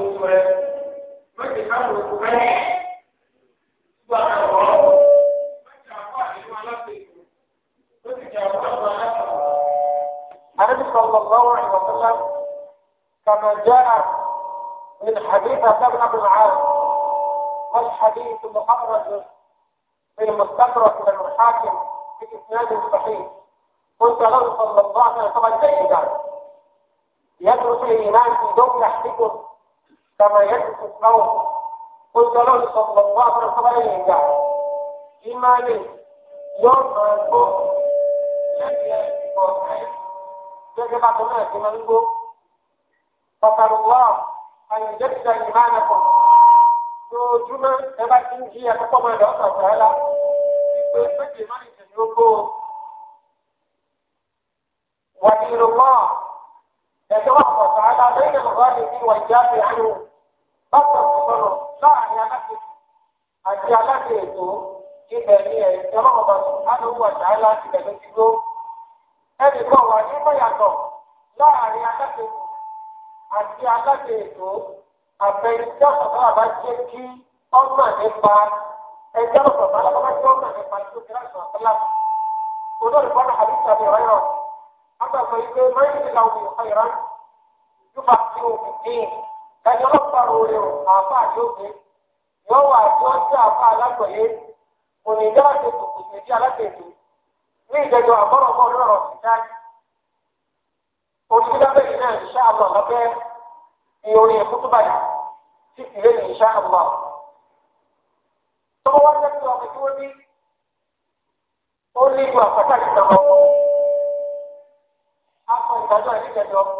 النبي صلى الله عليه وسلم كما جاء من حديث ابن ابي العاص والحديث مخرج في المستدرك من الحاكم في اسناد صحيح قلت له صلى الله عليه وسلم جيدا يدرس الايمان في دون يحدثه كما يكفي القوم قلت له صلى الله عليه وسلم يرجع إيماني يوم ما يكون يجب أن تكون فقال الله أن يجد إيمانكم lójúmọ́ ẹ bá ti ń jí akọ́kọ́ máa lọ ọ̀sán ọ̀sán la ìpè méje má nìkan ni ó bàtà sọ̀rọ̀ láàrin aláṣẹ àti aláṣẹ ètò ibẹ̀ ni ẹ̀ ìjọba ọba alówó ọ̀tá láti bẹ̀rẹ̀ ti gbó. ẹnì kan wà ní mọ̀yàtọ̀ láàrin aláṣẹ àti aláṣẹ ètò àfẹnjọ́ bàbá bá jẹ́ kí ọmọ nípa ẹjọ́ bá jẹ́ ọmọ nípa tó àbí mẹ́rin ìlà òmìnira yóò bá ẹni ọlọ́pàá orí o àfa àjọpé yóò wà tí ti àfa alágbẹ̀yé ònìjà àti tòkòtò ìdí alágbèjì ní ìjẹjọ àbọ̀rọ̀bọ̀ lọ́rọ̀ ìdájí. Onídàbẹ̀ yìí náà ìṣá àbọ̀ ní ìṣá Tọ́wọ́ wá tí ní ó ní àpáta A sọ ìdíjẹjọ́.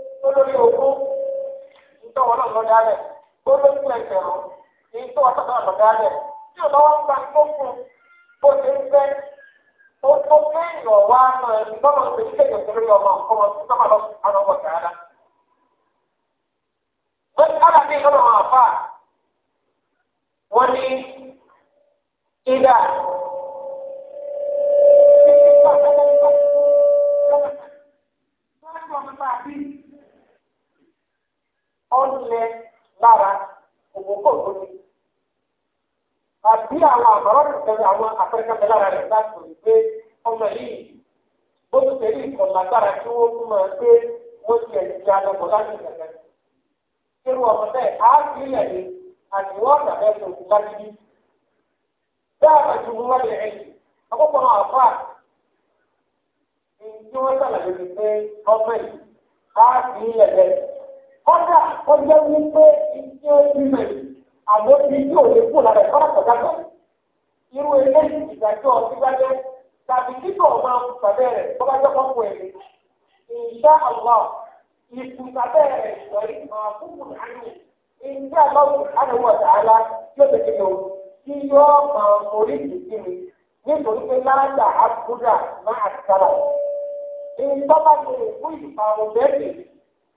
lórí ogún nítorí wọn náà lọ dálẹ̀ ó ló tún ẹgbẹ̀rún èyí tó wọn náà lọ dálẹ̀ tí ò lọ́wọ́ ń gba tó fún bó ṣe ń fẹ́ ó tó kéèyàn wá nà ẹni lọ́nà tó ṣe kéèyàn tó lórí ọmọ ọmọ tó sọ́mà lọ sí àwọn ọmọ tààdá. wọ́n ti kọ́lá bí lọ́nà wọn àfà wọ́n ní ìdá. Thank you. ó lara lára àbí àwọn àbọ̀rọ̀ tẹ̀lé àwọn afẹ́rẹ́kẹ́fẹ́ lára rẹ̀ láti rí pé ọmọ yìí bó ti tẹ̀lé ìkọ̀lá lára tí wọ́n fún máa pé wọ́n ti ẹ̀ láti irú ọmọ bẹ́ẹ̀ á sí ilẹ̀ tó láti bí. bẹ́ẹ̀ lè àwọn ní tí wọ́n sàlàyé pé ọmọ kọ́dà ó jẹ́ wípé iṣẹ́ ìmẹ̀ àbó ti tí ò lè kú lára ìkọ́dà kọjá tó. Irú ilé ìdájọ́ síwájẹ́ tàbí títọ̀ máa ń pàdé rẹ̀ tó bá jẹ́ kọ́kọ́ ẹ̀ Insha Allah ikú tàbẹ́ rẹ̀ sọ̀rí máa kúkú nánú. Insha Allah subhanahu wa ta'ala yóò tètè lò kí yóò máa mórí ìdí mi nítorí pé láńdà àbúrà máa sára. Ìjọba lè fún ìfàwọn bẹ́ẹ̀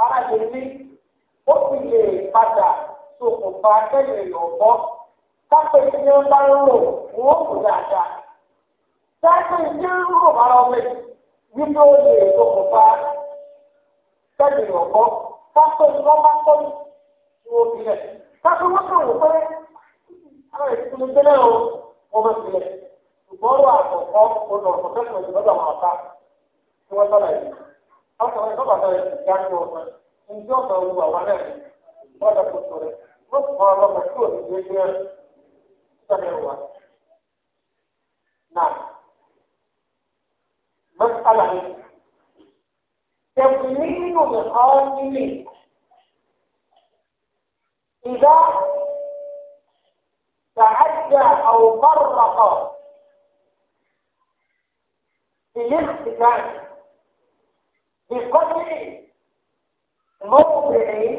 ara lè ní ó sì lè padà ṣokùnfà kẹ́lẹ̀ lọ́bọ́ kápẹ́ tí wọ́n bá ń rò wọ́n kù dáadáa. Sáyẹ́pẹ́ tí ń rò bá ọmọ ẹ̀ wípé ó lè ṣokùnfà kẹ́lẹ̀ lọ́bọ́ kápẹ́ tí wọ́n bá wọ́n kàn pé ara tẹ́lẹ̀ o wọ́n bẹ̀ sílẹ̀. Ṣùgbọ́n àkọ́kọ́ ó lọ àwọn àká tí wọ́n ọkùnrin tó bàtà ìdájọ́ ọ̀sán ǹjẹ́ ọ̀sán ọ̀hún wà wálẹ̀ lọ́dọ̀ tó sọ rẹ̀ wọ́n fọ ọlọ́mọ tí òsì lè gbé sọ́dọ̀ wa. Nà mọ́sálà ni tẹ̀kùnmí nínú ìhàn nílé ìdá تعدى أو فرق في الاختلاف بقدر موضع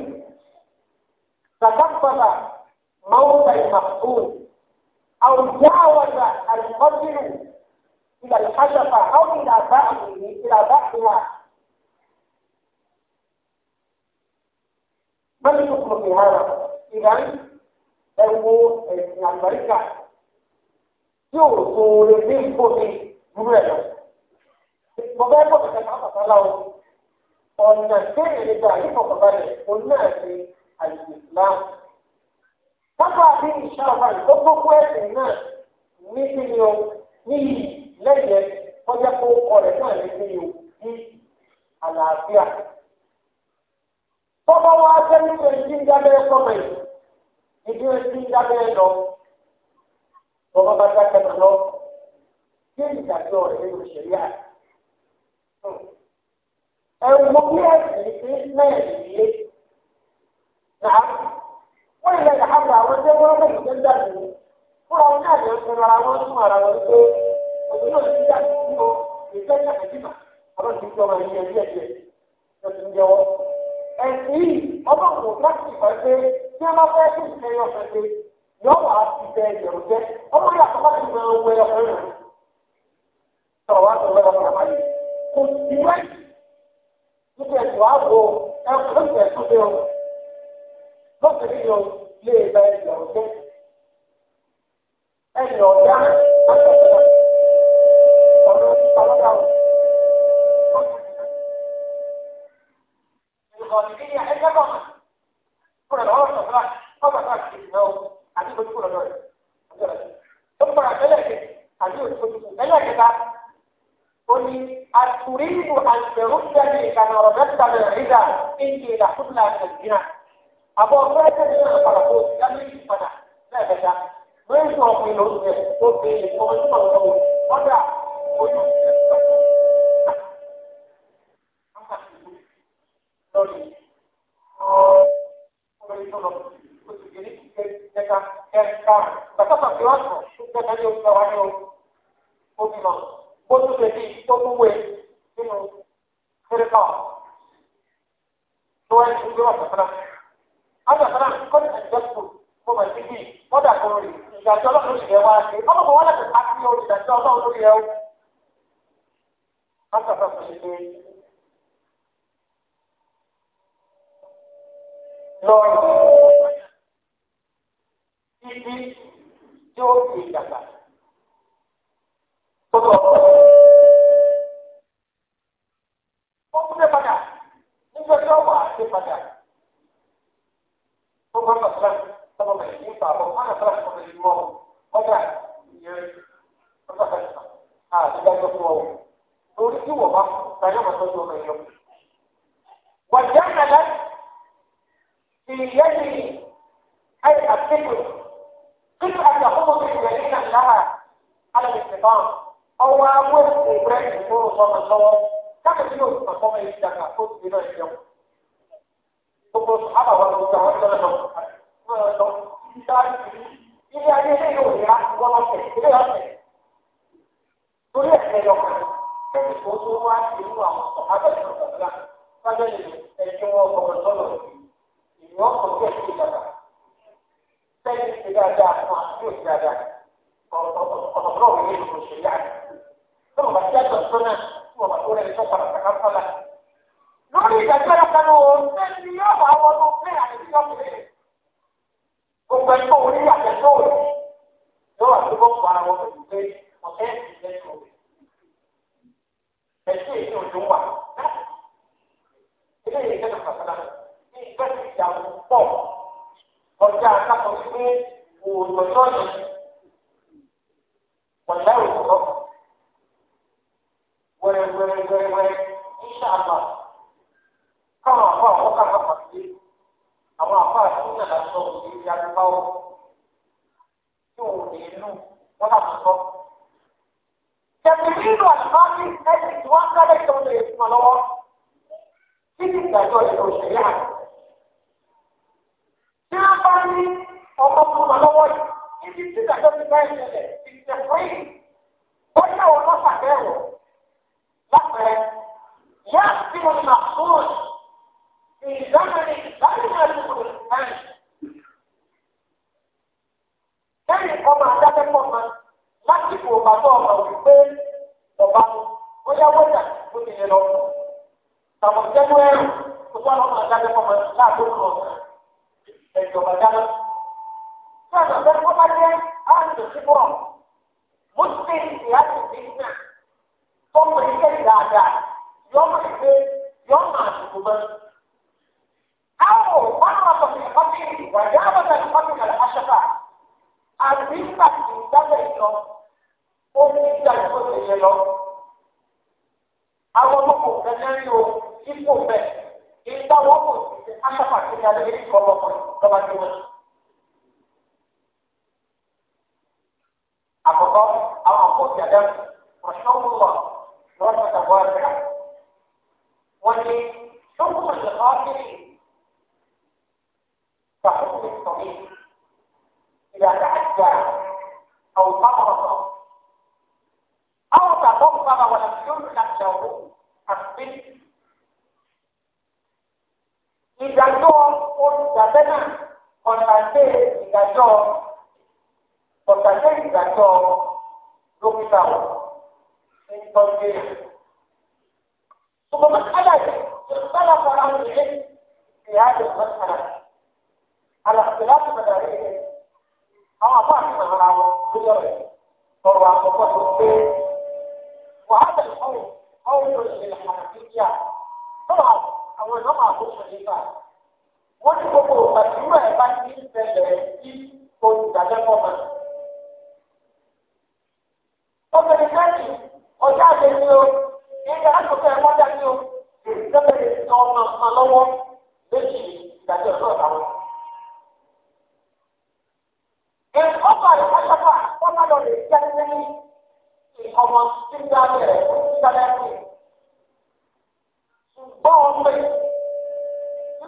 تكفل موضع المقصود أو جاوز القدر إلى الحشفة أو إلى بعضه إلى بعضها ما الحكم في هذا؟ إذا ẹwọ ẹsìn Amẹ́ríkà yóò tó lè ní ìfòsí dúró ẹ̀ lọ. Bọ̀dá ẹ̀kọ́ kẹ̀kẹ́ máa bàtà láwọn ọ̀nà tẹ́lẹ̀ nígbà ìfọ̀kànbalẹ̀ òun náà ṣe àìsílá. Pápá bí iṣẹ́ ọba ìkókókó ẹ̀sìn náà ní kí ni o ní yìí lẹ́yìn ẹ̀ kọjá kó ọ̀rẹ́ náà ní kí ni o ní àlàáfíà. Tọ́ba wa jẹ́ nínú ìdí ń dábẹ́ sọ́mọ̀ yìí, ìdí ìdí ń dábẹ́ lọ. Bọ́lá bá dákẹ́ lọ, kí ìdájọ́ rẹ̀ nínú ìṣẹ̀lẹ̀ àti. ẹ̀wù bí ẹ̀sìn sí mẹ́rìnlé. Nàá wọ́n ilẹ̀ yàrá gba àwọn ẹgbẹ́ wọn bẹ̀rẹ̀ tó ń dàbí. Fúra wọn náà lè fún ara wọn fún ara wọn pé òun náà ti dá sí wọn ìfẹ́ náà àdìmọ̀ àwọn ti jọ wọn yẹn díẹ̀ díẹ̀ tó ti ń níbẹ̀ tó á bọ̀ ẹ̀kọ́ ìgbẹ́ tó bẹ̀ ọ́ lọ́sẹ̀rẹ̀ yọ lé ẹgbẹ́ ẹ̀yọ̀ ọ̀jẹ́ ẹ̀yọ̀ ọ̀já àtọ̀tọ̀ ọ̀rọ̀ ìpàdé àwọn. الغالبية عندها ضغط كل العرض أفراح قطع رأس النوم عديد كل العرض ثم عندنا كده عديد كل العرض قولي أتريد أن تردني كما رددت بالعزة إني لحبنا من الجنة أبو فاتح فرقوت لم يشفنا لا بدا من شوق من الوزن قلبي يكون مرضون ودا Kita kita kita kita kita kita kita kita ó tún lè fi tó tún nínú fúrẹ́kà tó wáyé fún gbọ́dọ̀ fúnra. Àwọn àgbàlá kọ́ni àjẹkù mo mọ̀ sí bí wọ́n dà kọ́ ìdájọ́ ọlọ́run ló ṣe wá ọlọ́run wọn láti pàṣẹ ní ìdájọ́ ọlọ́run lórí ẹ̀ o. Wọ́n sọ̀rọ̀ pé lọ́ọ̀rù ibi tí ó fi ìdàgbà tó tọ̀ ó tún lè padà nígbà tí wọ́n wà padà ó bá bàtà sábà bẹ̀rẹ̀ ní ìgbà àbọ̀ wọn àtàrà sọ̀rọ̀ bẹ̀rẹ̀ lọ́wọ́ ìyẹn ọjà kẹta àtìdájọ́ fún ọ torí tí wọ́n bá tàyọ̀ bàtà tó ọmọ ìyọ̀ wàjà nàlá ìyẹn ni أي الفكر قل أن يخوض الذين لها على الاستقامة ọwọ́ awọ ìwé ìfowó sọmọ sọwọ́ káàkiri yóò sọ fọmọ yìí dàgbà tó ti náà yẹ wọ. gbogbo sábà wọn ló ń sọ wọn lọ sọ ilé ayé ilé yóò yá wọn lọ sẹ ilé yóò sẹ torí ẹsẹ yọ kan ẹni tó tó wá sí inú àwọn ọ̀hádà ìṣọ̀kọ̀ọ̀gá sábẹ́ yìí ẹni wọn gbọmọ sọlọ ìwọ ọ̀gbẹ́ ìṣe dàgbà sẹ́yìn ìṣe dáadáa fún àti ìṣe dáadáa ọ̀pọ̀lọpọ̀ ìṣe dáadáa tó o bá ti àtọ̀ tó náà tí o bá tó rẹ̀ tó padà kàkà fọlá. lórí ìdájọ́ ìdájọ́ ọ̀sẹ̀ ni yóò bá wọnú bẹ́ẹ̀ àti yọ̀ọ́ kò fẹ́ kí n bá wọ́n kò sí aṣọ àti ìyá lórí kọ́ lọ́kọ́ lọ́ba tí wọ́n ti.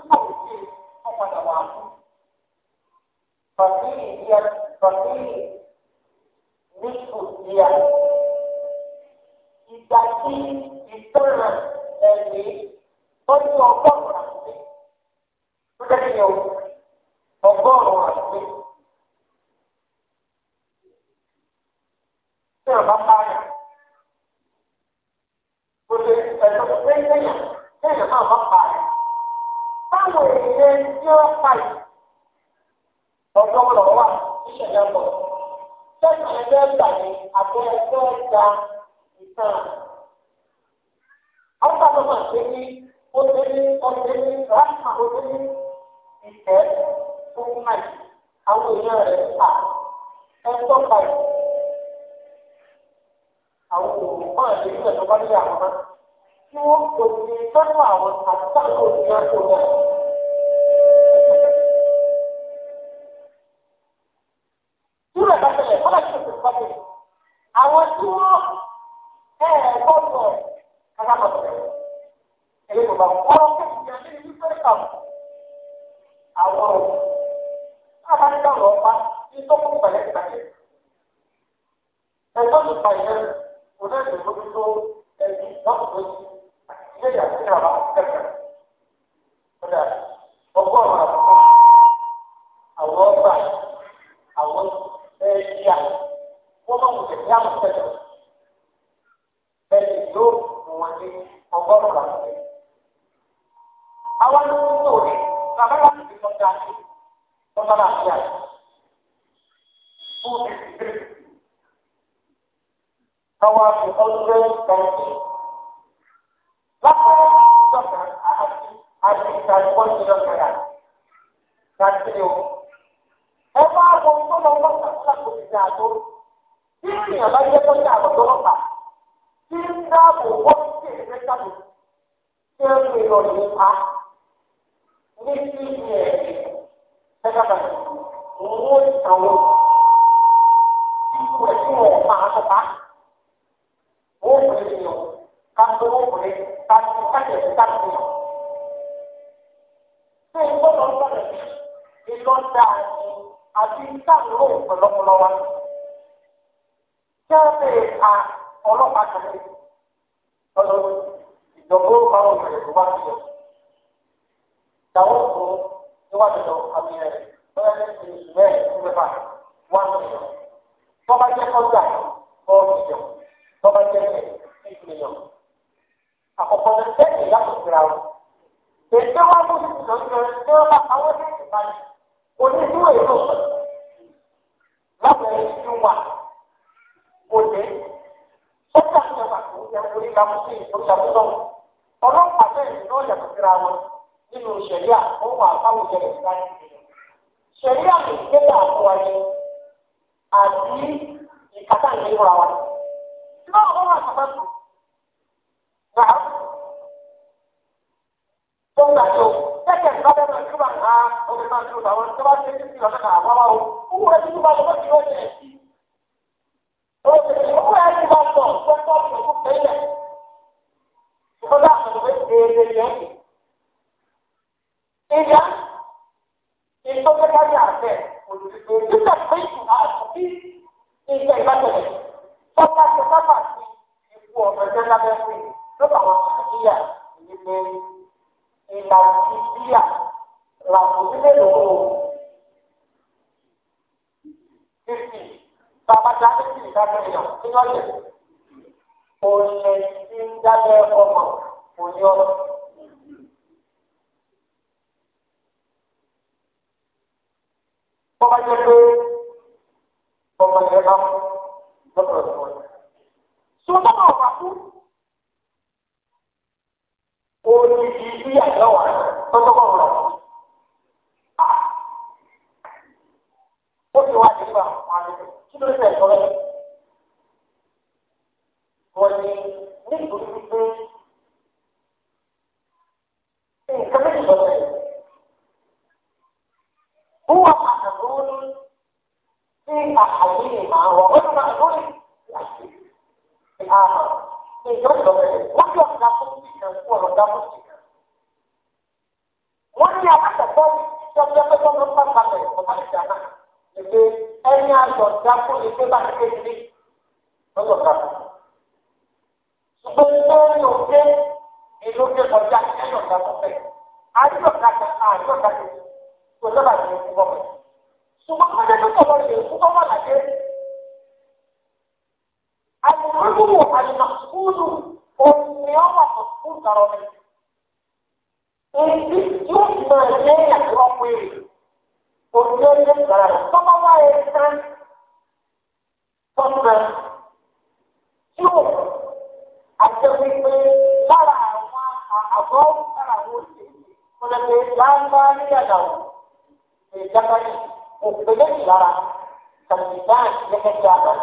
pọ̀ sí ọ̀padà wà fún. Bàbí ìyá bàbí nípò ìyá ìgbà tí ìtọ́ràn ẹ̀mí tọ́jú ọgọ́rùn-ún àti tó dẹ́ ní ọgọ́rùn-ún àti. Tí ọ̀gá bá yà, ó ṣe ẹ̀sọ́ pé ń tẹ̀yà, tẹ̀yà náà bá pa táwọn èèyàn tí ó pa yìí ọgbọ́n lọ́wọ́ wà níṣẹ̀lẹ̀ pọ̀ sẹ́yìn ẹgbẹ́ gbà ní abẹ́rẹ́ gba ìtàn. ọgbà tó ṣe ní ọdẹ́ni ọdẹ́ni ráàmà ọdẹ́ni ìtẹ́ fún náà àwọn èèyàn rẹ̀ pa ẹ̀tọ́ pa yìí. àwọn olùkọ́ àti ìgbẹ́ tó ní àwọn náà tí wọ́n kò ní fẹ́ràn àwọn àti táwọn tó náà. yorùbá ọ̀rọ̀ kéèyàn ní ìlú fẹ́ẹ́ kà mọ́ àwọn ọ̀rọ̀ abájá ọ̀rọ̀ ọ̀pá ní tọ́kù pẹ̀lẹ́ ìgbàjẹ́ ẹ̀tọ́ ti pa ìyẹn kò náà lè lóbi tó ẹ̀yìn lọ́kùnrin ilé ìyàtọ̀ ní àbá kẹfẹ́ kódà ọgọ́rùn-ún àkọ́kọ́ àwọn ọgbà àwọn ẹ̀yà wọ́n máa ń wùdẹ̀ ní àmọ̀tẹ́lẹ̀ ẹ̀yìn yóò wọ́n ní ọgọ́rùn-ún àkọ́kọ́ àwa ló ń lò ní bàbá wa ti lọ da sí lọ́ba náà sí àná. Káwá fi ọdún tẹ̀sí. Lápá ìjọba àti àti ìtàkùn ìjọba náà. Láti ní o. Ẹ bá wọn tó lọ wọ́n sàkóso kò sí àgbo. Bí ènìyàn bá jẹ́ tó ní àgọ́dọ́ lọ́pàá, tí ń dáàbò wọ́n sì ń ṣe sábò. Ṣé ń lè lọ ní pa? ní ọlọ́pàá kan ní ọlọ́run ìjọba ó máa ń bẹ̀rẹ̀ tó bá ti yẹ ìyàwó tó níwájú lọ àmì rẹ̀ lọ́yẹ́ ní oṣù mẹ́rin fún mẹ́fà wọ́n ti yọ. tọ́ba jẹ́ kọ́ńtà fọ́ọ̀mù yọ tọ́ba jẹ́ ìpínlẹ̀ yọ. àkọ́kọ́ ní tẹ́ẹ̀kì yàtọ̀ síra o. èdè wa ló ti sọ yọ ní ọba àwọn ẹgbẹ́ ìbáyìí onídùú èrò lábẹ́ ìdúnwà òde sọ́jà ìjọba kò yẹ orí làmúsí ìfọ̀sàmúlọ́wọ́ ọlọ́pàá bẹ́ẹ̀ ni ó yàtọ̀ síra wọn nínú ìṣẹ̀lẹ̀ àkókò àtàwọn ìṣẹ̀lẹ̀ ìgbà nìyẹn. ìṣẹ̀lẹ̀ àmì ìgbésẹ̀ àkókò ẹni àti ìkàtà ìlera wa. náà wọ́n wà sábà kù. Gbà á tó gbà tó tẹ́tẹ̀ ìbádẹ́ náà tó ń ha omi máa tó àwọn tó bá ṣe é sí ọ̀dọ́ náà àbáwá o. owó ẹni tó bá lọ bá ti lọ jẹ ẹ̀sì. owó ẹni tó bá lọ tó tọ́ إذا الفكرة هذه عارفة إذا بيت عارفين إذا بدل فكرة فكرة يقوى بدل بدل lọ́pọ̀ àwọn àkíyà ìdílé ìlà ìbíyà làwọn ìdílé lòó fífi babajà fífi ìdájọ́ yàn kí wọ́n lè òye tí ń dábẹ́ ọmọ òye ọmọ. tó bá pé ọmọ ẹ̀ bá lọ́pọ̀ ẹ̀fọ́ ẹ̀. sọ náà wà fún olùdí bí àdáwà tọ́jọ́ bọ̀ rọ̀. ó ti wá nígbà wọn àlejò kí ló ṣe ẹ̀tọ́ rẹ̀. wọ́n ní nítorí wípé nǹkan méjì lọ́sẹ̀. Who معقول في أحدهما وغير معقول في الآخر wọ́n yọ ọ̀gá fún ìṣẹ̀ fún ọ̀gá fún ìṣẹ̀. wọ́n ní alákọ̀ọ́kọ́ tọ́jú ẹgbẹ́ tó ń bá balẹ̀ ọ̀gá ìjà náà èdè ẹni àjọ̀dá fún ìṣẹ́ bá ti kékeré lọ́dọ̀ ká. ṣùgbọ́n tó ń lò dé ìlú dé kọjá ẹ̀yọ̀dá fún bẹ́ẹ̀ àjọ̀dá kan àjọ̀dá kan kò lọ́ba ìṣẹ́ fún bọ́ọ̀lù ṣùgbọ́n tó bá jẹ́ tó tọ̀lọ́ ṣe fún ọmọ làjẹ́. Àlùmọ́lùmù àlùmọ́kúlù òní ọmọ àkọ́kùn sọ̀rọ̀ mi. Èyí yóò máa lé àkọ́kọ́ pé òní ọjọ́ sọ̀rọ̀ rẹ̀ tó bá wá ẹ̀ sán tọ́sán tí ó àti wípé lára àwọn àbọ̀ lára àwọn òṣèlú kọ́lẹ́gbẹ̀ẹ́ láńbá níyàtọ̀ ìjábáyé ìpínlẹ̀ ìlara tàbíkán gẹ́gẹ́ bí àná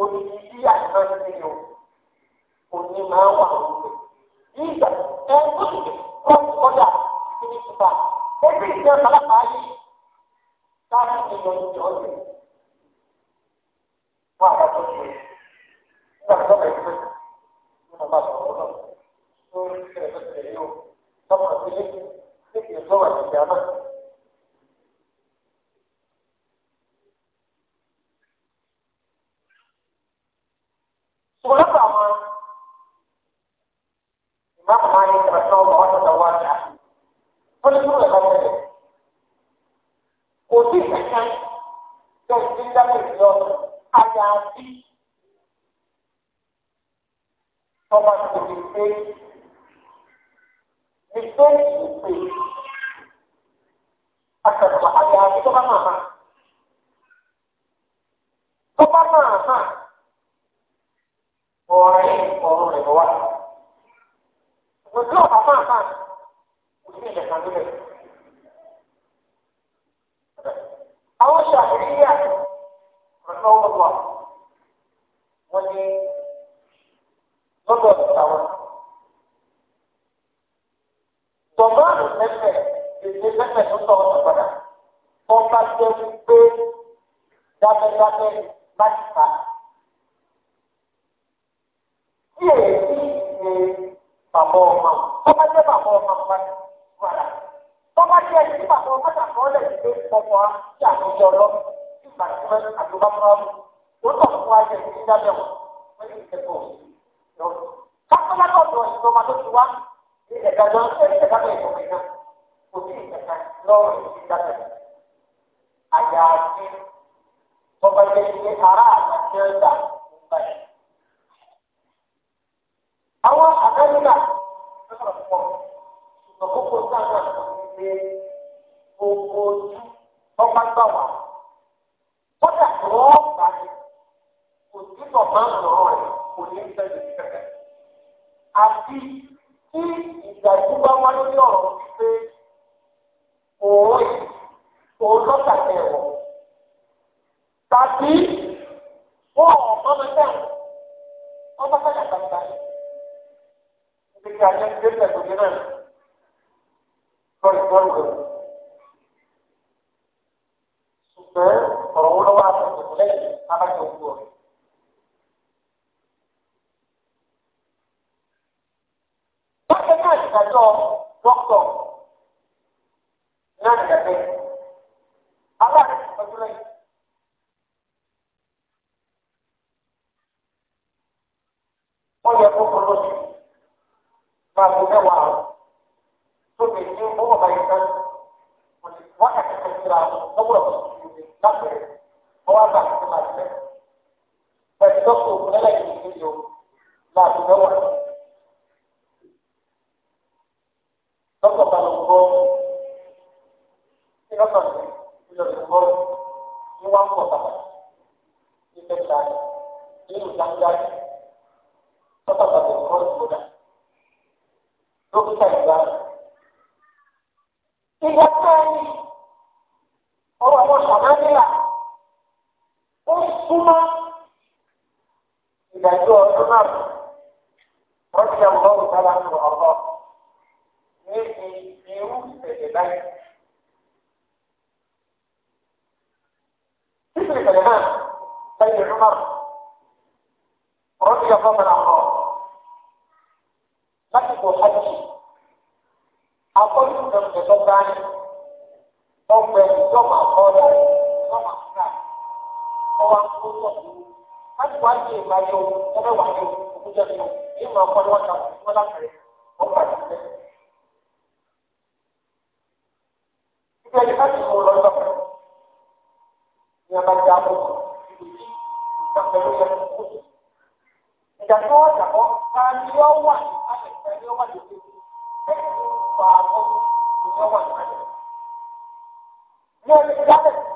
onídìí àná ti yọ òní máa wà lóde. Nígbà ẹ̀ ń gbọ́dọ̀ kọ́ ọ̀dà ìdílé tuta ẹgbẹ́ ìṣe ọ̀pọ̀lọpọ̀ ayé láti ìyọ̀ ìjọ ọ̀sẹ̀. Wọ́n àgbà tó ṣe nígbà tó bẹ̀rẹ̀ pé wọ́n máa bá sọ̀rọ̀ lọ lórí ìṣẹ̀lẹ̀ tó ṣẹlẹ̀ yóò lọ́mọ ìdílé ní ìṣòwò àti ìjà náà. ọ̀pẹ àtúbà fúnramu ó tọ̀ fún wa jẹ ìdí dábẹ́ wọn wọ́n ti kẹ́kọ̀ọ́ lọ. kápẹ́lá náà lọ ìlú ọmọ tó ti wá ní ẹ̀ka jọ ẹ̀ka bẹ́ẹ̀ tó kẹ́kẹ́ kò sí ìkẹta lọ́rọ̀ ìdí dábẹ́. àyà àti tọ́ba ilé ilé ará àti ẹ̀dá ń báyìí. àwọn àgbẹ̀lẹ́gbà ló sọ̀rọ̀ pọ̀ ṣùgbọ́n kókó sáà náà kò ní ọ̀rọ̀ bá yẹ kò sí bàbá ọ̀rọ̀ rẹ̀ kò ní sẹ́yìn kẹ̀kẹ́. àti tí ìgbàgbọ́ bá wá lórí ọ̀rọ̀ pé òun òun lọ́tà ẹ̀wọ̀ tàbí wọ́n ọ̀pọ̀ mẹ́tẹ́ ọba fẹ́ yàtàkà ibi tí a jẹ́ ti dé pẹ̀lú náà lọ́rùn lọ́rùn rẹ̀ ṣùgbọ́n ọ̀rọ̀ wọn lọ́wọ́ àti lẹ́yìn abájọ òkú ọ̀rẹ́. Bákan náà ìdájọ́ dọ́kítọ̀ náà nìyàgbẹ́. Aláàrẹ̀ ìtọ́jú lẹ́yìn. Wọ́n yẹ kó kọ́ lọ́sí. Máa fi mẹ́wàá rẹ̀. Tóbi ní owó ọ̀bá yẹn tán. Wọ́n yà kí wọ́n ti ra ọgbọ́n ọ̀sán lápẹ̀rẹ̀ ọwọ́ àgbà tó máa tẹ̀. Ẹ̀sìn tó kù lẹ́lẹ́kìn ìdíje o láti lọ́wọ́. Lọ́kọ̀ bá lọ gbọ́ ní lọ́kọ̀ ní ìlọsìn gbọ́ ní wọ́n pọ̀ tàbí ní fẹ́ta ní ìdájọ́ lọ́kọ̀ bá lọ gbọ́ ìgbóná. Dókítà ìgbà ìgbà tó ń ọwọ́ àwọn sàmáníyà súnmọ́ ìdájọ́ ọdún náà wọ́n ti àwọn ọ̀rọ̀ sábà ń lọ ọ̀rọ̀ níbi irú ìṣẹ̀lẹ̀ báyìí. Títí ìṣẹ̀lẹ̀ náà lẹ́yìn ọdún náà wọ́n ti àwọn ọ̀rọ̀ ọ̀rọ̀ láti kò ṣáàjì. Akọ́jú ìjọba ìjọba ọgbẹ́ ìjọba àkọọ́lẹ̀ ìjọba àkọọ́lẹ̀ ọwọ́ akókó pọ̀ sí i. láti wá sí ìgbà yọ ẹgbẹ́ wà ní òkú jẹ́ sọ yìí máa kọ́ níwájú àwọn ọmọ lápẹ̀rẹ̀ ọ̀pá ìṣẹ̀lẹ̀. ìgbà yìí láti mú lọ lọ́pẹ̀ ní abájá àbúrò ìjà tó wà jàpọ̀ ta ni ó wà ní alẹ́ ta ni ó wà ní òkè bẹ́ẹ̀ ni ó wà ní alẹ́. ní ọjọ́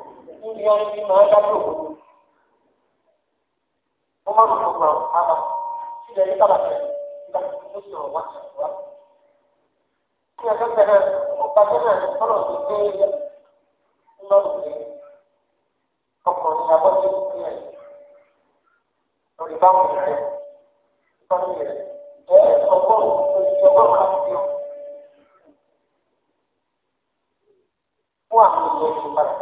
níbi ẹni tí màá dájọ́ òkú. Mo máa ń sọ̀rọ̀ àwọn àbá tí ilẹ̀ yíká bàtẹ̀ nígbà tí mo sọ̀rọ̀ wá wá. Kí ẹ̀fẹ́ bẹ̀rẹ̀ ọ̀gá bẹ̀rẹ̀ ọ̀rọ̀ tó gbé lọ́rùn ọkùnrin abọ́jú ìpínlẹ̀ lórí báwọn ìrẹ́ ìtọ́jú rẹ̀ jẹ́ ọgbọ́n oníṣẹ́gbọ́n káàkiri fún àwọn ìlú ìpadà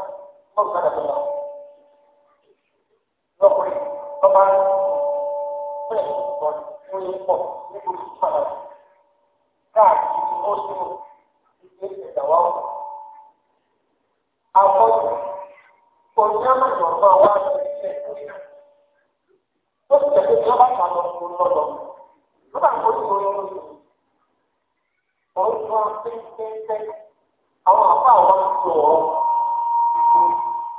ọ̀gbọ́dọ̀ bọ̀ lọ́kùnrin lọ́ba bẹ́ẹ̀ lọ́kùnrin fún yín pọ̀ níbo tí padà káàkiri tí ó sún ilé ìdáwà ọ̀hún. Àwọn òyìnbó ìjọba wa ti ṣe ìpínlẹ̀ ó sì tẹ̀lé tí wọ́n bá ta lọ fún un lọ́lọ́ wọ́n bá ń kó ìwé lọ́wọ́ òun pínpín pẹ́ àwọn àbá àwọn ti tó ọ̀rọ̀.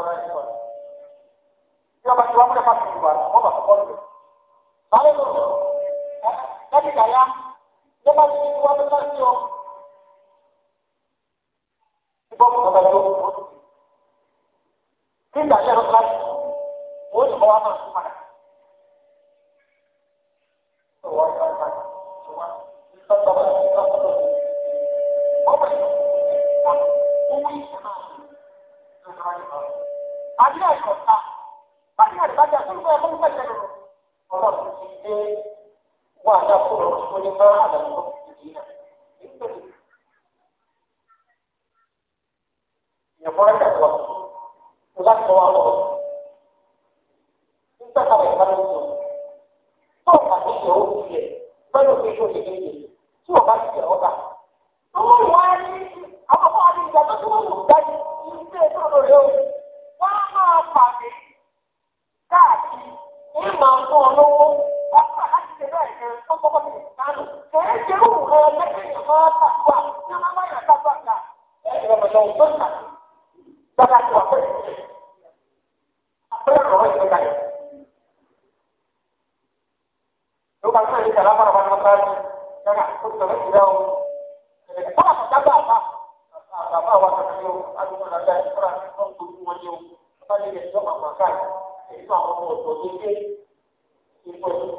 ọ̀gbọ́n náà ń sọ̀rọ̀. Bí ọba ti wá múlẹ̀ fásitì ìgbà, wọ́n bá fọ́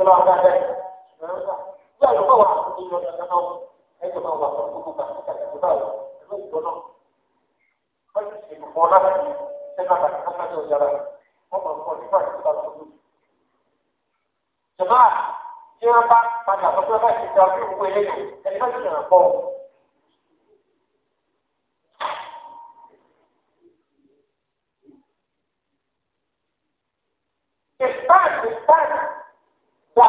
lọ àgbàdo ẹ̀ bí àyè fọwọ́ àti ìyọ̀ ọ̀dọ̀ náà ẹ̀jọ̀ náà wà fún gbogbo bàtí kàlẹ́ tó bá wà ẹ̀rọ ìgbó náà wọ́n ti ṣe ìfọ̀ láti ṣẹ́ka bàtí káfíńtì ọ̀jára wọ́n mọ̀ fún ọ̀dífà ìlú bá tó lójú. jọba tí wọ́n bá padà sọ pé wọ́n bá ti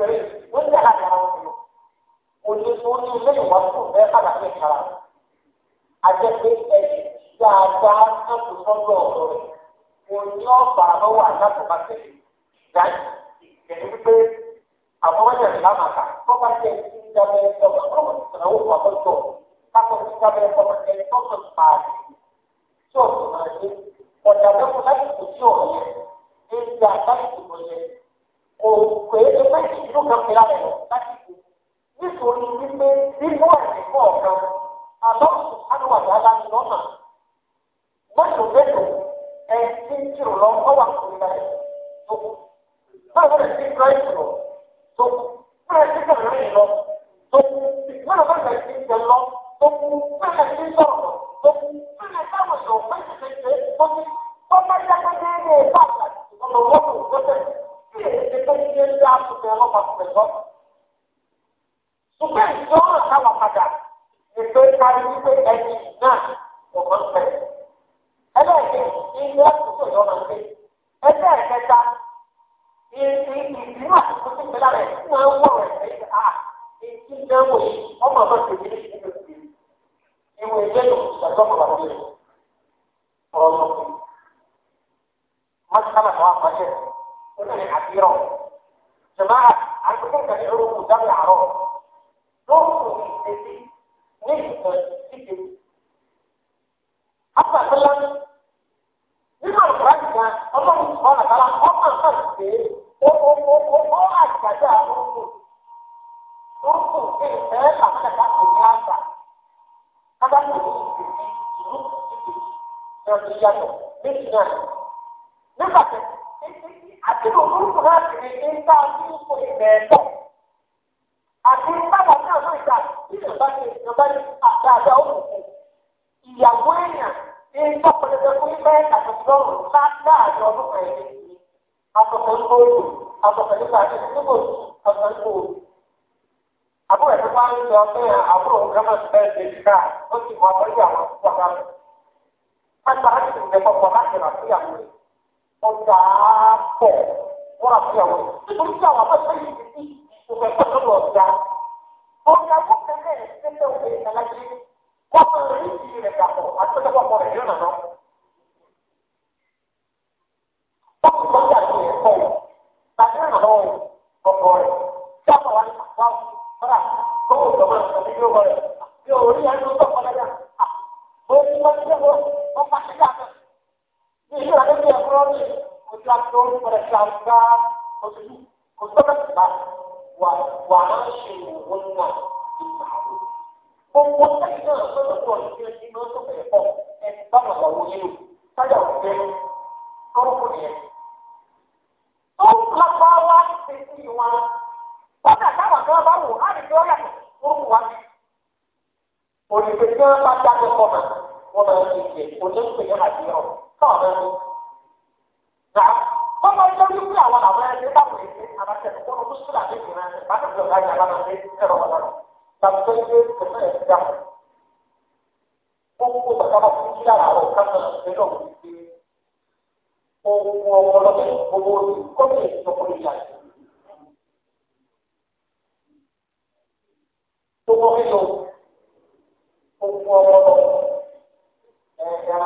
pẹ̀lú wọ́n ti hàn yàrá wọn lò mo ní mo ní ilé ìwàásù bẹ́ẹ̀ kàdà ní ìkara àjẹpé ẹ̀yìn dáadáa nàkó sọ́dọ̀ ọ̀dọ̀ rẹ̀ mo ní ọ̀fà lọ́wọ́ àdàpọ̀ bàtẹ́lì dájú ìkẹ́ni wípé àwọn ọmọdé rẹ̀ lámàkà tó bá jẹ́ ìdábẹ́ ọ̀gá ọ̀gá ìsìnàwó wà lọ́jọ́ kápẹ́ ìdábẹ́ ọ̀gá ẹni tó sọ pààlì tí ò kò ẹgbẹ́ tí kan fi lábẹ́ lásìkò nítorí wípé nínú ẹ̀sìn kọ̀ọ̀kan alọ́sùn alùwàdà láti lọ́nà mọ́tò ẹ̀sìn tí lọ ọwà kò ní tó kù báwo lè ti gbọ́ ìṣòro tó kù báwo lè ti gbọ́ ìrìn lọ tó kù báwo lè ti gbẹ lọ tó kù báwo lè ti sọ̀rọ̀ tó kù báwo lè táwọn ìṣòro pé ṣe ṣe é tó kù bọ́mọdé akẹ́kẹ́ ní ẹ̀ka àgbà ọ̀nà ọ̀gbọ́n ilé ńlá tuntun ọlọ́pàá tuntun ẹ̀kọ́. Ṣùgbọ́n ìjọ náà táwọn padà ètò ìparí wípé ẹni náà kò mọ̀ pẹ̀. Ẹlẹ́ẹ̀kẹ́ ilé àtúntò yọ máa ń gbé. Ẹgbẹ́ ẹ̀kẹta ìdí náà tuntun ti gbẹ́lá rẹ̀ fún àwọn wọ̀rọ̀ سنن العبيرة جماعة عندكم كان يعرفوا دم الأعراض نقطة السياسي نسبة السياسي حتى فعلا nínú àlùkùránì kan ọlọ́run ṣùgbọ́n àtàlà ọkàn kan pé ó ó ó ó ó àgbàdo àrùnkù orúkọ òkè ìfẹ́ àkàtà òní àgbà kábàtì òní ìgbèsí ìlú ìgbèsí ẹ̀rọ ìyàtọ̀ méjì náà nígbà tẹ̀sí àti òkúrukù láti rí ní ká òkúrukù ìbẹ̀ ẹ̀tọ́. Àti bàbá náà ló ìgbà tí ìjọba ní ìjọba ní àdáadáa òkùnkùn. Ìyàwó èèyàn ní tọ́pọ̀lọpọ̀ fún ibẹ̀ àtọ̀tọ̀rọ̀ láàdá àjọ ọdún ẹ̀yẹ. Àtọ̀tọ̀ ń gbòòrò, àtọ̀tọ̀ nípa àti ìdíbò ọ̀tọ̀ ń gbòòrò. Àbúrò ẹ̀fọ́ máa ń lọ pé àbúrò gọ́mọ̀ bẹ́ẹ̀ ṣe ṣíkà ó sì mọ ọmọ ìyàwó àti pàtàkì. Wọ́n ti máa ń ọ̀tá pọ̀ wọ́n àti àwọn nítorí tí àwọn afẹ́fẹ́ yìí ti fi ìṣẹ̀lẹ̀ pẹ̀lú ọ̀gá. ọ̀gá kò kẹ́kẹ́ ẹ̀ẹ́dẹ́gbẹ́ òkè ìtàlájú wọ́n fẹ́ rí ìdí rẹ̀ dàpọ̀ àti ọjọ́ pọ̀ rẹ̀ yóò nàná. wọ́n ti lọ́jà ní ẹ̀kọ́ tàbí ìrànlọ́wọ́ ọkọ̀ rẹ̀ tí a kọ̀ wá ní àpá ọ̀rá tó ń sọ̀rọ̀ ìṣẹ̀lẹ̀ yóò rẹ̀ yóò rí ẹni Ini Isso é o que é próprio, o trator para calçar, o sujo, o sobrasbar, o arranjo, o olhar, Como você que não, eu não estou dizendo que não estou bem, é só uma bagunça, sai ao tempo, como conhece. Todo rapaz lá tem que ir uma, quando acaba a cama, o árbitro olha, o outro olha. Por isso que eu não estou dando conta wọ́n máa ń fi ṣe olóńgbò yẹn àti ọ̀ káwọn máa ń gbà. wọ́n máa ń lọ wípé àwọn àwọn ẹni báwo ni ṣe àbáṣẹ́ni kó lóṣù làbí ìgbìmọ̀ ẹ̀ bá dùn lọ́la yàrá máa ń gbé ẹ̀rọ wọn lọ. tàbí tó ń gbé kòtò ẹ̀ ti dáhùn. gbogbo bàbá bá fún yíyá àwọn káfíńsì nílò wípé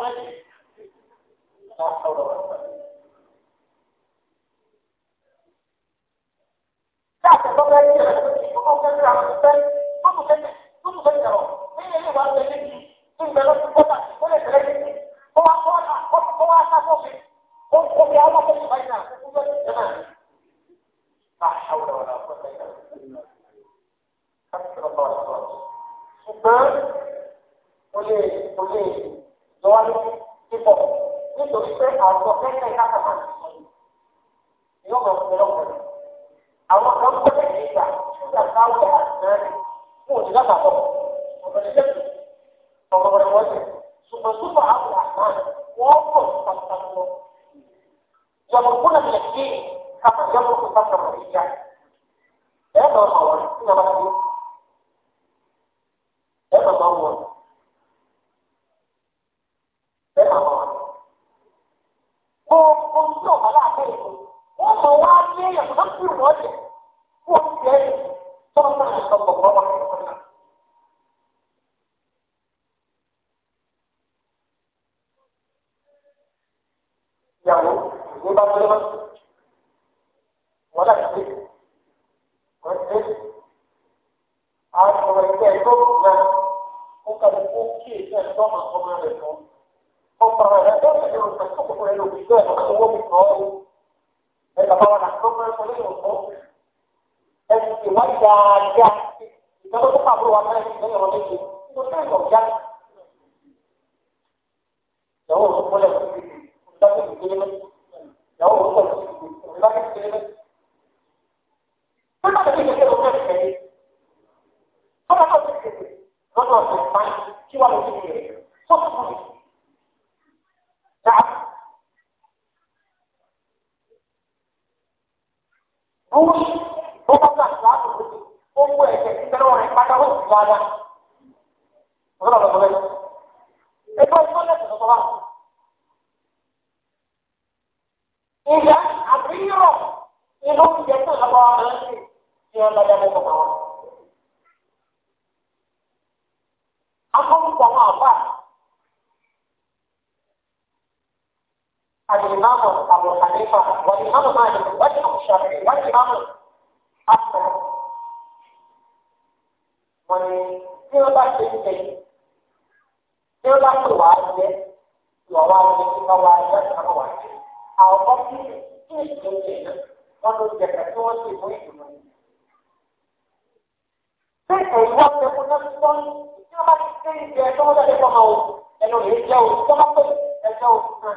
already. Not out of it. That's a problem. You can't get around the thing. What do you think? What do you think? What do you think? What do you think? What do you think? What do you think? Kau apa nak? Kau kau apa kopi? Kau kopi apa kopi banyak? Kau kopi jangan. Tak haul wala quwwata illa billah. Hasbunallahu wa ni'mal wakeel. Subhan. Boleh, boleh lọ́wọ́ ní pípọ̀ nítorí pé àwọn kẹ́kẹ́ náà kàkà yóò máa fi lọ́kùnrin. Àwọn kan gbọ́dọ̀ ní ìgbà nígbà táwọn ẹ̀ àtìmẹ́rin fún òjì láti àtọ̀ ọ̀gbẹ̀ni lẹ́kùn ọ̀gbẹ̀ni wọ́n ti ṣùgbọ́n súpà àwọn àtàn wọ́n pọ̀ pàtàkì lọ. Yọ̀bọ̀ kúnà lè fi kàkà yọ̀bọ̀ والإمام أبو حنيفة والإمام مالك والإمام الشافعي والإمام أحمد ومن يوضع سيدي يوضع سواجه وواجه وواجه وواجه أو قبل إيه wọ́n ló jẹ kẹ́ tí wọ́n ṣe fún ìdùnnú yìí. Ṣé èyí wọ́n ṣe fún lọ́sí tán tí wọ́n bá ti ṣe ìjẹ wọ́n jáde fún ọ ẹnu rẹ̀ jẹ́ òun tó bá pè ẹjọ́ òun náà.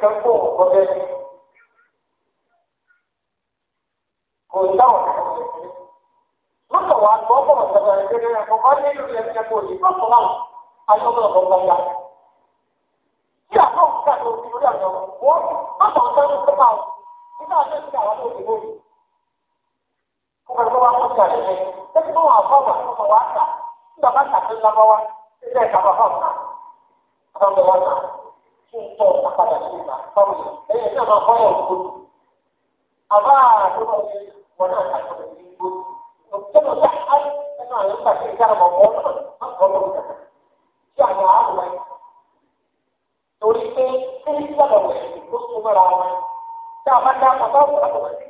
nǹkan kó nǹkan bẹ́ẹ̀ kò dáhùn lọ́sọ̀ wa gbọ́ bọ̀ sọ̀rọ̀ ìdílé rẹ̀ kọ́kọ́ ní ìlú rẹ̀ ṣe kò ní lọ́sọ̀ aṣọ́gbọ̀n ọ̀gbọ̀n gbàgbà. Tí àbọ̀ ń gbà tó ti lórí àjọ wọn lọ́sọ̀ ń sọ́dún tó máa nígbà tó ti àwọn tó ti lórí. Kọ́kọ́ ló wá kọ́kọ́ rẹ̀ lẹ́yìn lẹ́yìn wà fọ́ọ̀mù àtọ́kọ̀ wá kà nígbà bá kà tó lábọ́ wá sí ilé ìkàwé ṣé ń tọ́ àpàdà sí ìgbà báwo ni ẹ̀yìn náà máa fọ́yọ̀ òkúdu. àbá àdúgbò ni wọn náà kàtó ní igbó. òkúta náà ṣe àyè nínú àwọn ìgbà tí ìjà àwọn ọmọ náà máa kọ́ lóun kàkà. ṣé àwọn àrùn wa torí pé kí ní sábà wẹ̀ ló sún mọ́ra wọn. tá a bá dá àpàtà ọ̀pọ̀lọpọ̀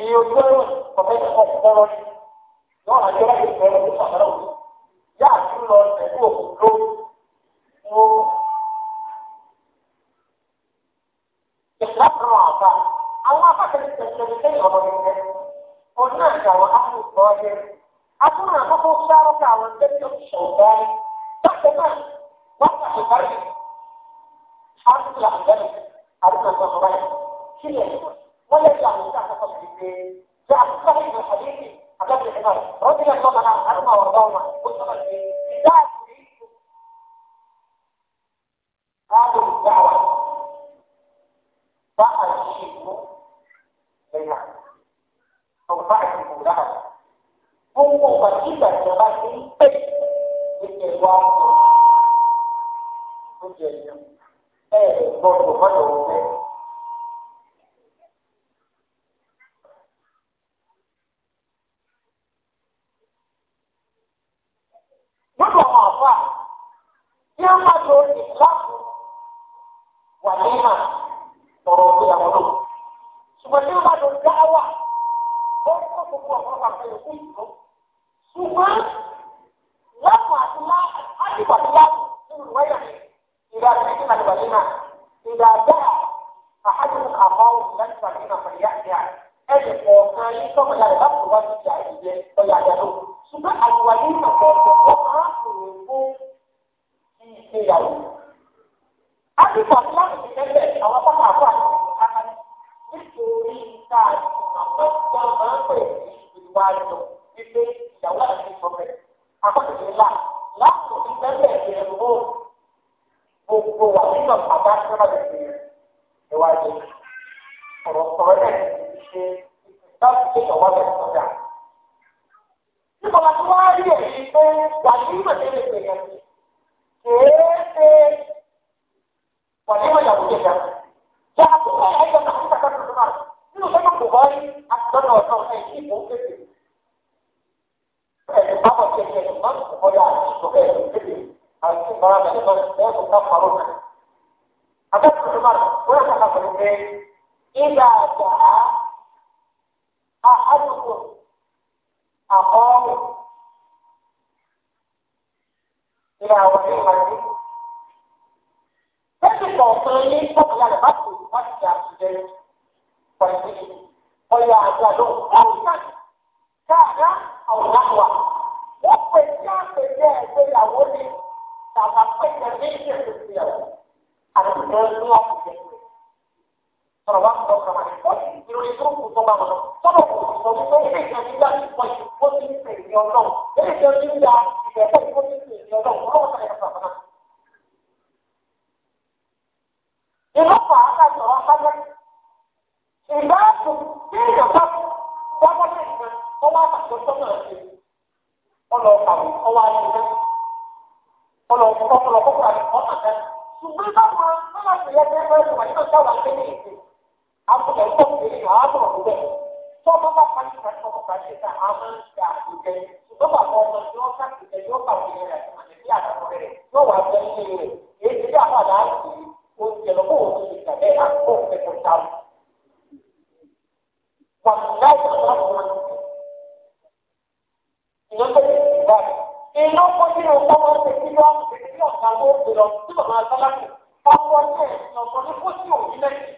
èyí ojú ẹ̀rọ kọ̀ọ̀kan yẹn kọ̀ kọ́rọ́ ni wọ́n àjọ láti fẹ́ lọ sí sàmúlò yá àtún lọ ẹ̀kú òkú ló wó. ìsìláàmù àbá àwọn abákẹ́lẹ́ tẹ̀síọ́nù lẹ́yìn ọ̀rọ̀ nìkẹ́ òun náà ní àwọn ápù kan yẹ àtúnú àkọ́kọ́ sáré ká àwọn tẹ́lẹ̀ ṣọ̀gbọ́n dọ́kítà náà wọ́n pàṣẹ جاء في صحيح الحديث عن ابن عمر رضي الله عنهما وارضاهما وسلم ìgbéyàwó. a ti pàṣẹ láti fi tẹ́lẹ̀ àwọn pápá àpá àti nítorí tá àwọn tó máa ń ìwà ìlò wípé ìyàwó àti ìfọ̀mẹ́ akọ́tẹ̀lẹ́ láti fi tẹ́lẹ̀ gbogbo wà nínú àbá tí wọ́n ti fi ìwà ìlò ọ̀rọ̀ sọ̀rọ̀ náà ṣe láti ṣe ìyàwó àti ìfọ̀mẹ́. tí wọ́n á rí ẹ̀rí pé wà nínú ìpínlẹ̀ ìpínlẹ̀ yeye wanyama ní àwọn ní ìmọ̀lẹ́. Lẹ́sìn kọ̀ọ̀kan ilé ìfọ̀kànlá rẹ̀ bá tòun wá sí àtúnjẹ pẹ̀lú ọyọ àti àdóhùn káwọn káàdá àwòrán wa. Wọ́n pè sí àpèjẹ ìgbéyàwó ni tàbá pèjẹ méjì ìgbéyàwó àti ìjọ ní àpèjẹ ìgbéyàwó sọ̀rọ̀ wá sọ̀rọ̀ sọ̀rọ̀ ó sì ìròyìn tó kù tó bá wọn lọ sọ̀rọ̀ kù sọ wípé ilé ìjọ nígbà tí wọ́n ti ó ti ń pè ní ọlọ́run ilé ìjọ nígbà ìgbẹ́fẹ́ tí ó ti ń pè ní ọlọ́run ọlọ́run sọ̀rọ̀ ẹ̀ka sọ̀rọ̀ náà. ìlú pa àkàtọ̀ ọ̀pájẹ́ ìgbàkùn tí ìjọba wọ́pọ̀ lẹ́yìn ọwọ́ àtàkùn tó náà ṣe ọlọ́ọ̀kàwé ọwọ́ àyẹ̀wò ọlọ́ọ̀kọ́kọ́ ọlọ́ọ̀kọ́kọ́ àti ọ̀nà àbúrò ẹ̀kọ́ ìgbèrè náà àbúrò níbẹ̀ tó ọmọ bá parí ìpàdé ọmọ bá ṣe ká àwọn ìgbà àtúntẹ ṣùgbọ́n bàbá ọmọ tí wọ́n káàkiri yóò bá wọn yẹn àti màdé bí àtàkọ rẹ̀ yóò wá bẹ ní ilé rẹ̀ èyí tí àpàdà á sì oúnjẹ lọ́kọ̀ òun ti gbà bẹ́ẹ̀ àkókò ẹ̀kọ́ táwọn. wàhálà ìgbà wọn ìyọ́nbẹ̀ ìgbà iná kọ́jú ọ̀pọ̀ wọn ti kí lọ́ọ́ ti kí ọ̀gá ló ń lọ sí ọ̀gá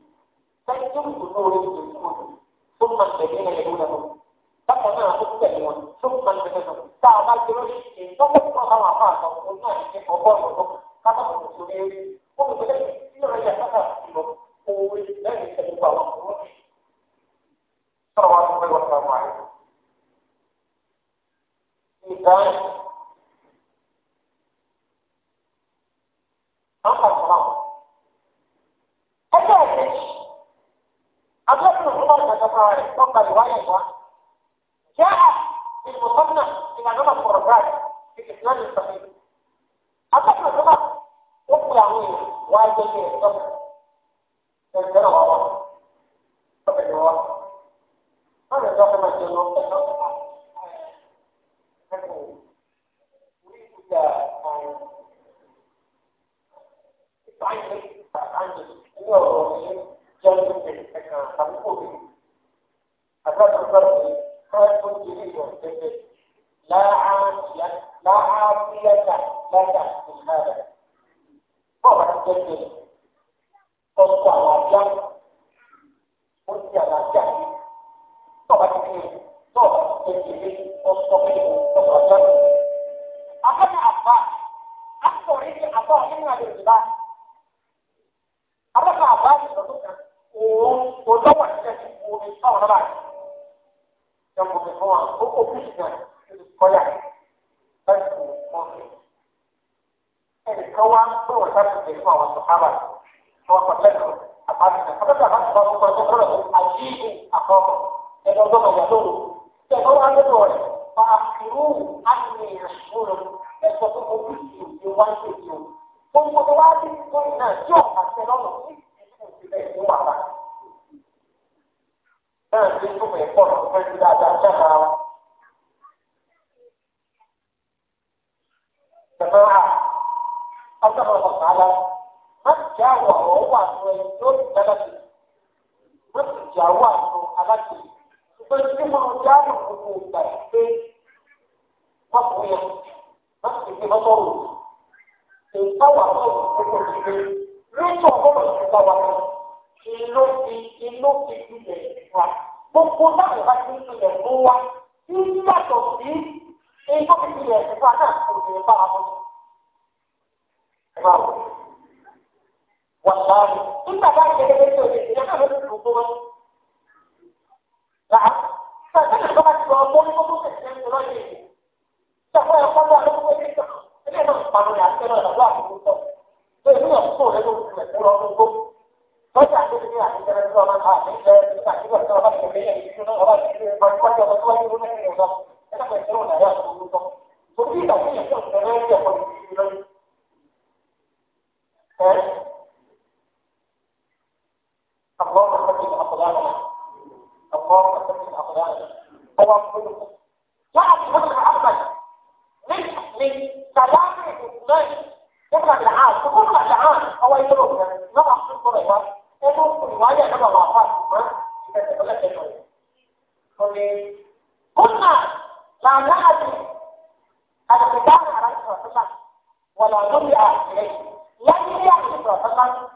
فإنهم يقولون الإسلام الصحيح. أما إحنا طبعا نقول عن واجب الإسلام náà tí ò pàṣẹ lọ́nà tí ìdílé ìpínlẹ̀ ìlú wà bá. náà ti ń túmọ̀ ẹ̀kọ́ lọ fẹ́ ti dáadáa sábà wa. Bẹ̀rẹ̀ à, ọ̀sẹ̀mọ̀ ọ̀sán àlá, má ti jẹ́ àwọ̀ ọ̀rọ̀ wà nù ẹ̀ lórí ìdáláṣẹ̀. Má ti jẹ́ àwọ̀ àlọ́ aláṣẹ̀. Ṣùgbọ́n tí mo já àrùn gbogbo ìgbà yìí pé wọ́n kú yẹn, má ti fi mọ́tò rò ìpáwà ti ń mọ́. ní gbogbo kẹ̀kẹ́ ń lọ yìí. Sàgbẹ́ni tó bá ti lọ ọmọ ní ilé náà pàmò ní àti náà lọ́wọ́ àti tó tọ̀ lórí náà kó lẹ́nu ìpìlẹ̀ tó lọ́wọ́ gbogbo lọ́jà àti ní àti بسلامة إجمالي يقرأ العام تقرأ العام هو يقرأ نضع في القرآن يقول رواية أنا ضعفات إذا تقول لك يقول قلنا لا نعرف الختان على رسول الله ولا نملأ إليه لن يملأ رسول الله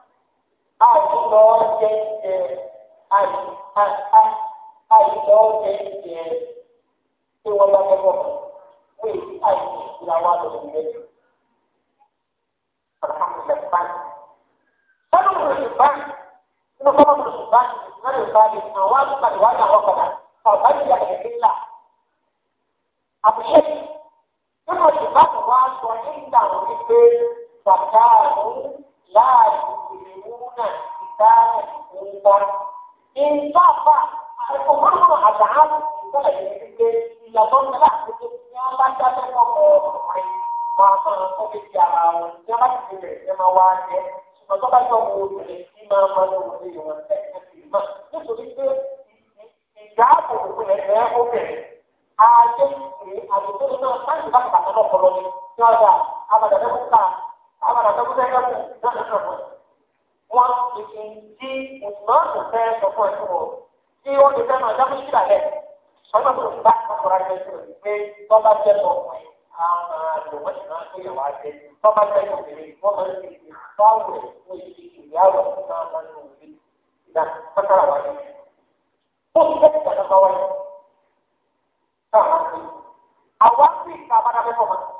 rẹ̀ ẹ máa wá jẹ ṣùgbọ́n tó bá jọ wo olùdè tí máa máa lọ wọlé wọn ẹ̀ẹ́dẹ̀ sì mọ̀ nítorí pé ìdáàbò ẹ̀ẹ́ obìnrin ààyè ìwé àdúgbò náà láti bá bàtà náà kọ́ lọ́ni tí wọ́n gbà abàdàdàkùnkà abàdàdàkùnkà náà lọ́sọ̀rọ̀ wọn ìfi tí ìmọ̀ọ́sì fẹ́ sọ fún ẹ̀sùn wọn tí wọ́n ti fẹ́ máa dábò sí ìlàlẹ̀ ọjọ́ tó bá ọkùnrin rẹ̀ sọ̀rọ̀ pé tọ́ba jẹ́ lọ́kùnrin àwọn àlùmọ́sì náà tó yẹ wá jẹ tọ́ba jẹ́ lọ́kùnrin.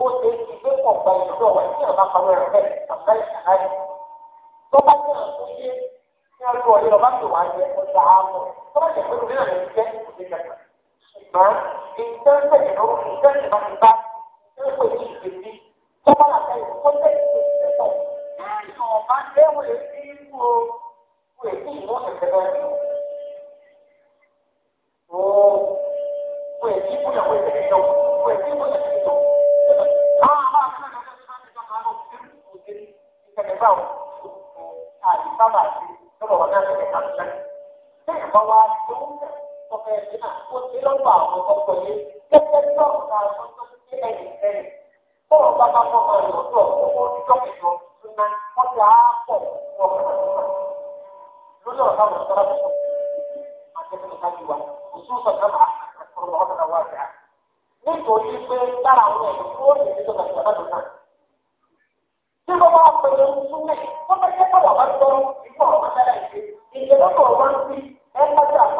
ó ìgbé pọ̀ gba ìdúró ọ̀wẹ́ tí ọba pamọ́ bẹ́ẹ̀ ọ̀gá ìṣàlá yìí. tó bá jẹ́ ọ̀sán yé ní ọdún ọ̀lẹ́ ọba tó wà jẹ ọjà àmọ́ tó bá jẹ́ pé omi náà jẹ́ òde jẹ̀kọ̀. ṣùgbọ́n ìtẹ́ ń tẹ̀lé lọ́wọ́ ìtẹ́ ìgbà ti bá ṣé kò ní ìgbèsí tó bá làtà ìkọ́tẹ́ خصوصا مع الفروعات الواسعه nítorí pé lára àwọn ẹ̀dùn tó ń lè nílò àti àbájọ náà. Tí wọ́n bá pẹ̀lú ohun tún wọ́n bá jẹ́ pàwọ́ bá tọ́ ìfọ̀ ọ̀pá sára ìṣe, ìṣèlú ọ̀pọ̀ wá ń fi ẹ́